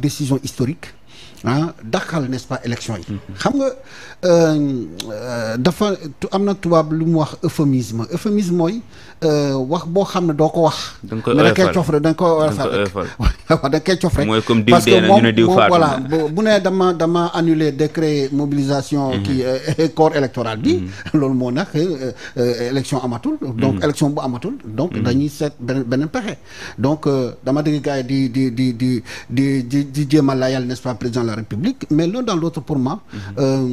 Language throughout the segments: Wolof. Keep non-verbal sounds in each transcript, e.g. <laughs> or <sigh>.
décision historique ah dàqal nest pas élection yi. xam nga euh, euh, dafa am na tubaab lu mu wax euphémisme euphémisme mooy euh, wax boo xam ne doo ko wax. da nga koy oyofal danga nga koy cof rek da nga koy oyofal waaw da nga koy <laughs> cof rek. bu ne dama dama annulé décret mobilisation. Mhm. ki <laughs> corps électoral bi. Mhm. <laughs> loolu moo nag élection amatul. donc mhm. élection bu amatul. donc dañuy seet beneen beneen pexe. donc dama dégg gars yi di di di di di di jéem a layal n'est-ce pas président de la République mais l'un dans l'autre pour mhm. euh,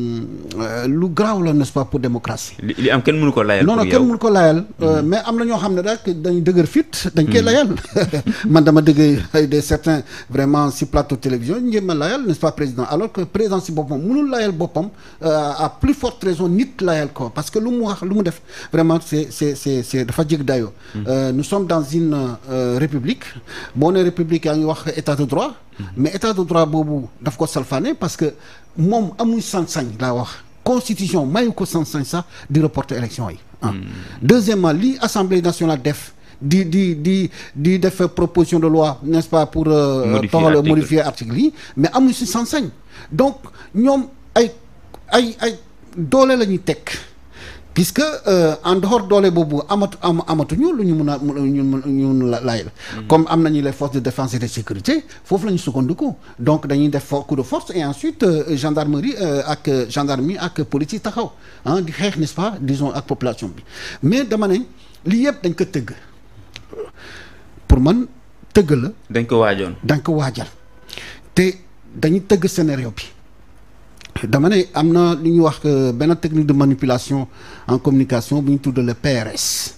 euh, lu garaaw la n'est-ce pas pour démocratie li am kenn mënu ko layal non non kenn mënu ko layal mhm. euh, mais am na ñoo xam ne rek dañu dëgër fit dañ koy mhm. layal <laughs> man dama dëgg des certains vraiment si plateau télévision ñu ma a layal n'est-ce pas président alors que président si boppam mënul layal boppam à plus forte raison nit layal ko parce que lu mu wax lu mu def vraiment c'est c'est c'est c'est dafa jég dayoo nous sommes dans une mais état de droit boobu daf ko salfaane parce que moom amul sañ-sañ laa wax constitution mayu ko sañ-sañ sax di reporter élection yi ah hmm. deuxièmement li assemblée nationale def di di di di def proposition de loi n'est-ce pas pour euh, toxal euh, modifier article yi mais amul si sansañ donc ñoom ay ay ay doole la ñuy teg puisque euh, en dehors doole boobu amatu am amatuñu lu ñu mun a ñu ñu laay la mm. comme am nañu les forces de défense et de sécurité foofu la ñu sukkandiku donc dañuy def coup de force et ensuite euh, gendarmerie euh, ak gendarmerie ak police yi taxaw ah di xeex n'est-ce pas disons ak population bi mais dama ne lii yëpp dañ ko tëgg pour man tëgg la. dañ ko waajoon dañ ko waajal te dañuy tëgg scénario bi. dama ne am na lu ñuy wax benn technique de manipulation en communication bu ñu tuddale PRS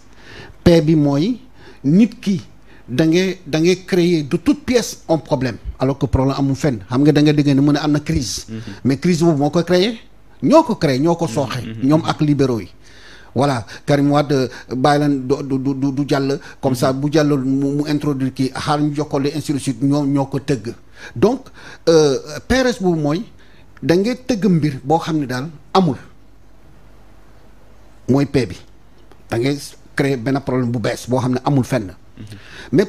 P bi mooy nit ki da ngay da ngay créer du toute pièce un problème alors que problème amul fenn xam nga da nga dégg ne mu ne am na crise mm-hmm. mais crise boobu moo ko créer ñoo ko créer ñoo ko sooxe mm-hmm. ñoom ak libéro yi voilà Karim Wade euh, bàyyi leen du du du jàll comme ça bu jàll mu introduire kii xaar ñu jokkoo les institutions ñoo ñoo ko tëgg donc euh, PRS boobu mooy da ngay tëgg mbir boo xam ne daal amul mooy paix bi da ngay créer benn problème bu bees boo xam ne amul fenn. mais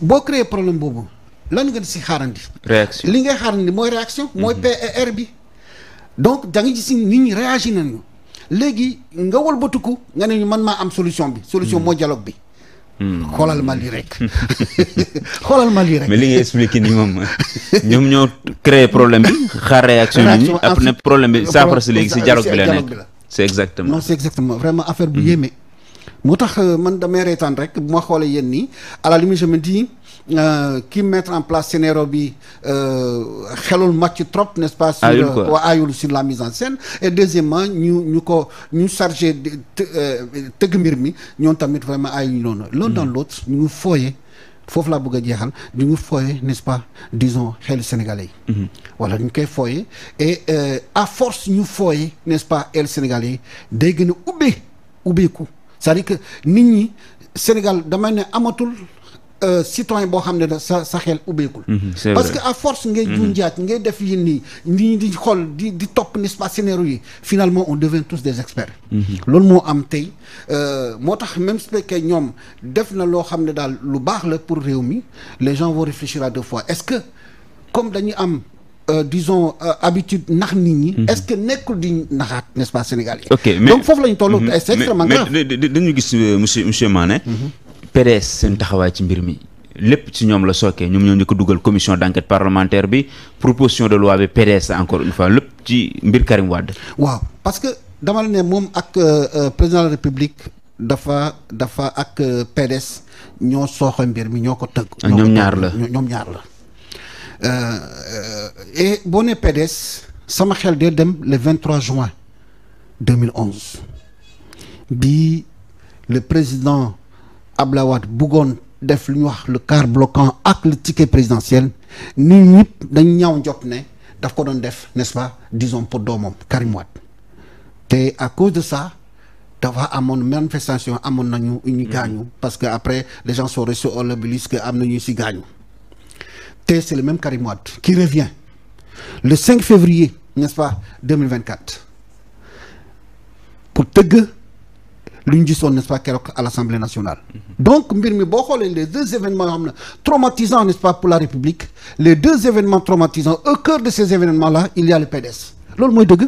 boo créer problème boobu lan nga si xaarandi. réaction li ngay xaarandi mooy réaction. mooy mhm. PER bi. donc da nga gis nit ñi réagir nañu léegi nga walbatiku nga ne ñu man maa am solution bi. solution mhm. mooy dialogue bi. Hmm. xoolal ma lii rek <laughs> xoolal ma lii rek. mais li ngay expliqué nii moom ñoom ñoo créé problème bi xaar réaction bi ñu après problème bi saafara si léegi si dialogue bi la nekk c' est exactement. non vraiment affaire bu hmm. yéeme. moo tax euh, man damay reetaan rek bu ma xoolee yéen nii à la limite je me ki euh, mettre en place scénario bi euh, xelul màcc trop n'est-ce pas sur waa aayul euh, sur la mise en scène et deuxièmement ñu ñu ko ñu chargé tëgg mbir mi ñoom tamit vraiment aayuñu noonu l'un dans mm. ñu ngi foofu laa bëgg a jeexal ñu ngi fooye n'est-ce pas disons xel sénégalais yi wala mm-hmm. ñu koy fooye et à force ñu fooye nest pas xel sénégalais yi day gën a ubbee ubbeeku c'est-à-dire nit ñi Sénégal damay ne amatul Euh, citoyen boo xam ne da sa sa xel ubbeekul mhm, parce que à force ngay mhm. junjaaj ngay def yi nii nii di xool di di topp n'est-ce pas scénario yi finalement on devient tous des experts mhm. loolu moo am tey euh, moo tax même su fekkee ñoom def na loo xam ne daal lu baax la pour réew mi les gens vont réfléchir à deux fois est-ce que comme dañuy am Euh, disons euh, habitude nax nit ñi. est-ce que nekkul di naxaat n'est-ce pas Sénégal yi. donc foofu la ñu extrêmement grave dañu gis euh, monsieur monsieur PDS seen taxawaay ci mbir mi lépp ci ñoom la sookee ñoom ñoo ñu ko dugal commission d'enquête parlementaire bi proposition de loi bi PDS encore une lépp ci mbir Karim waaw parce que dama ne moom ak euh, euh, président de la dafa dafa ak euh, PDS ñoo sooxa mbir mi ñoo ko tëgg. Ah, ñoom ñaar la ñoom ñaar la. et boo nee sama xel dee dem le 23 juin 2011 bi le président. Abdoulaye Wade buggoon def lu ñu wax le quart bloquant ak le ticket présidentiel nit ñëpp dañ ñaaw njot ne daf ko doon def n'est-ce pas disons pour doomam Karim te à cause de ça dafa amoon manifestation amoon nañu ñu gaañu mm-hmm. parce que après les gens sont reçus au l'obélisque que am nañu si gaañu te c'est le même Karim Wade qui revient le 5 février n'est-ce pas pour tëgg lu ñu gisoon n'est-ce pas keroog à l'Assemblée nationale donc mbir mi boo xoolee les deux événements yoo xam ne traumatisants n'est-ce pas pour la République les deux événements traumatisants au cœur de ces événements là il y le PDS loolu mooy dëgg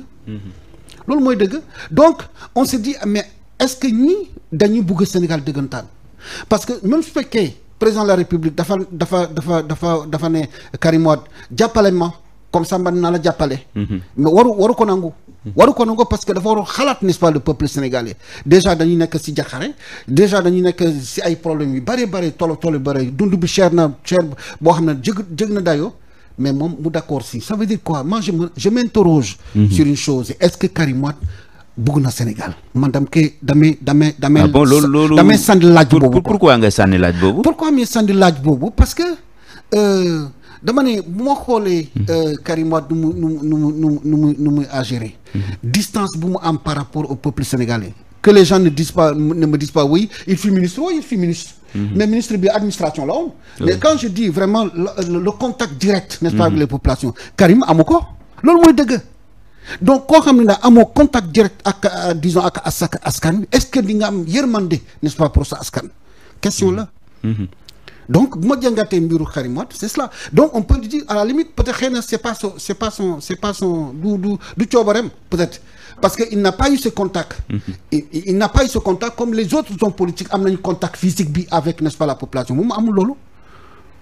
loolu mooy dëgg donc on se dit mais est-ce que nii dañuy bugg Sénégal dëggantaan parce que même su fekkee président de la République dafa dafa dafa dafa dafa ne Karim Wade jàppale ma comme ça man naa la jàppale mhm. mais waru ko nangoo parce que dafa waroon xalaat n'est-ce pas le peuple sénégalais déjà dañuy nekk si jaxare déjà dañuy nekk si ay problèmes yu bëree bëri tolo tolo bëri dund bi cher na cher boo xam ne jëg jëg na dayoo mais moom mu d'accord si ça veut dire quoi moi je me je m'interroge mhm. sur une chose est-ce que Karim bugg na Sénégal man dam koy damay damay damay ah bon loolu loolu damay sànni laaj boobu pourquoi nga sànni laaj boobu pourquoi mais sànni laaj boobu parce que euh, dama ne bu ma xoolee. Mhm. Euh, Karim Wade nu mu nu mu nu mu nu mu nu mu agiré. Mhm. distance bu mu am par rapport au peuple sénégalais. que les gens ne disent pas ne me disent pas oui il fut ministre oui il fut ministre. Mhm. mais ministre bi administration la woon. mais quand je dis vraiment le, contact direct. n'est-ce pas avec les populations Karim amu ko loolu mooy dëgg. donc koo xam ne daal amoo contact direct ak euh, disons ak askan est-ce que di nga am yërmande n'est-ce pas pour sa askan question la. donc bu ma jàngatee mbiru Karim Wade c'est cela donc on peut dire à la limite peut-être xëy na c'est pas son c'est pas son du du peut-être parce que il n'a pas eu ce contact il, mhm. il n'a pas eu ce contact comme les autres hommes politiques am nañu contact physique bi avec n'est-ce pas la population moom amul loolu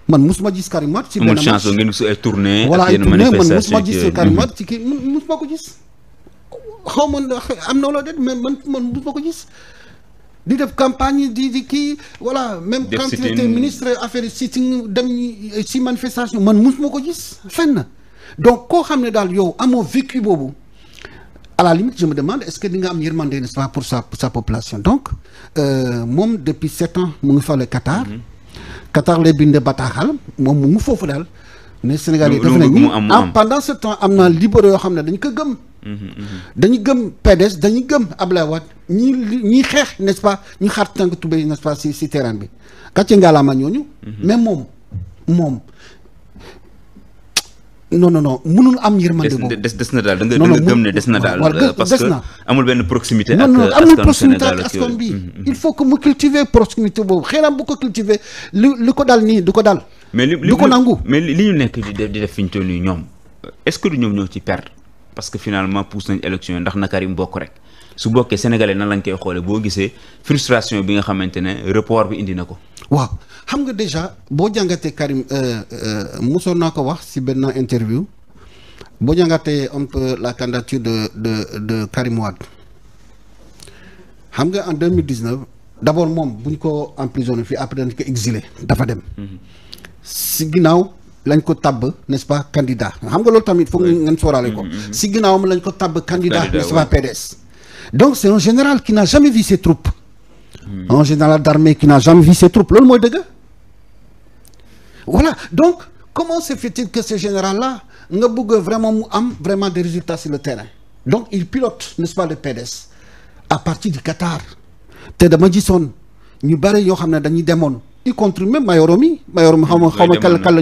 man musuma gis Karim Wade ci benn chance ngeen tournée voilà ay tournée man musuma gis Karim Wade ci kii ko gis xaw ma am na loo déet mais man man musuma ko di def campagne di di kii voilà même quand ministre affaire si si dem man manifestation man musuma ko gis na donc koo xam ne daal yow amoo vécu boobu à la limite je me demande est-ce que di nga am yërmande n'est-ce pas pour sa pour sa population donc euh, moom depuis sept ans mu ngi fale Qatar mm -hmm. Qatar lay bind bataaxal moom mu ngi foofu daal mais Sénégal yi def nañu pendant ce temps am na libéraux yoo xam ne dañ ko gëm dañu gëm PDS dañu gëm ab Wade ñi ñiy xeex nest pa pas ñu xaar tànk tubéy n'est-ce pas si si bi gàcce ngaalaama ñooñu. Mhm. mais moom moom. non non non mënul am yërmande boobu des des na daal da nga gëm ne des na daal. parce que amul benn proximité. ak askan bi mhm, mhm. il faut que mu cultiver proximité boobu xëy na bu ko cultiver li li ko dal nii du ko dal. mais li li du ko nangu. mais li ñu nekk di def fi ñu ñoom est-ce du ñoom ñoo ci perdre. parce que finalement pousse nañ élection yi ndax na Karim bokk rek su bokkee sénégalais na lañ koy xoole boo gisee frustration bi nga xamante ne report bi indi na ko. waaw xam nga déjà boo jàngatee Karim euh, euh, mosoon naa ko wax ci benn interview boo jàngatee un peu la candidature de de de Karim Wade xam nga en deux mille dix neuf d' abord moom buñ ko en emprisonné fii après dañ ko exilé dafa dem. ci mm-hmm. ginnaaw. lañ ko tabb n'est-ce pas candidat xam nga loolu tamit foog ngeen sóoraale ko mm-hmm, mm-hmm. si ginnaawam lañ ko tabb candidat n'est-ce pas PDS donc c'est un général qui n'a jamais vu ses troupes mm-hmm. un général d'armée qui n'a jamais vu ses troupes loolu mooy dëgg voilà donc comment se fait-il que ce général-là nga bëgg vraiment mu am vraiment des résultats sur le terrain donc il pilote n'est-ce pas le PDS à partir du Qatar te dama gisoon ñu bare yoo xam ne dañuy demoon y compris même mi Mayoro mi xaw xaw ma kal kal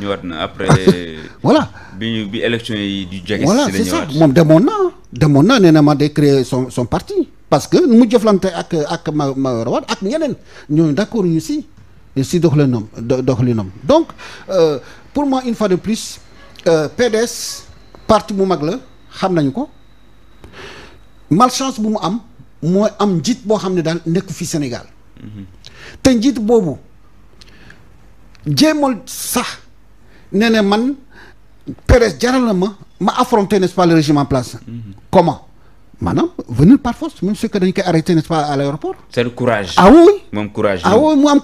ñëwaat na après. Ah, <laughs> voilà bi bi élection yi di jege. voilà c'est ça moom demoon naa demoon naa nee na ma day créer son son parti. parce que mu jëflante ak ak ma ma ak ñeneen ñooñu d'accord ñu si si doxalinam doxalinam donc euh, pour moi une fois de plus euh, PDS parti bu mag la xam nañu ko malchance bu mu am mooy am njiit boo xam ne daal nekk fi Sénégal mhm. te njiit boobu jéemal sax. nee na man Pérez jaral ma ma affronter n'est-ce pas le régime en place. Mhm. comment maanaam venir par force même ce que dañ koy arrêter n'est-ce pas à l'aéroport. c'est le courage. ah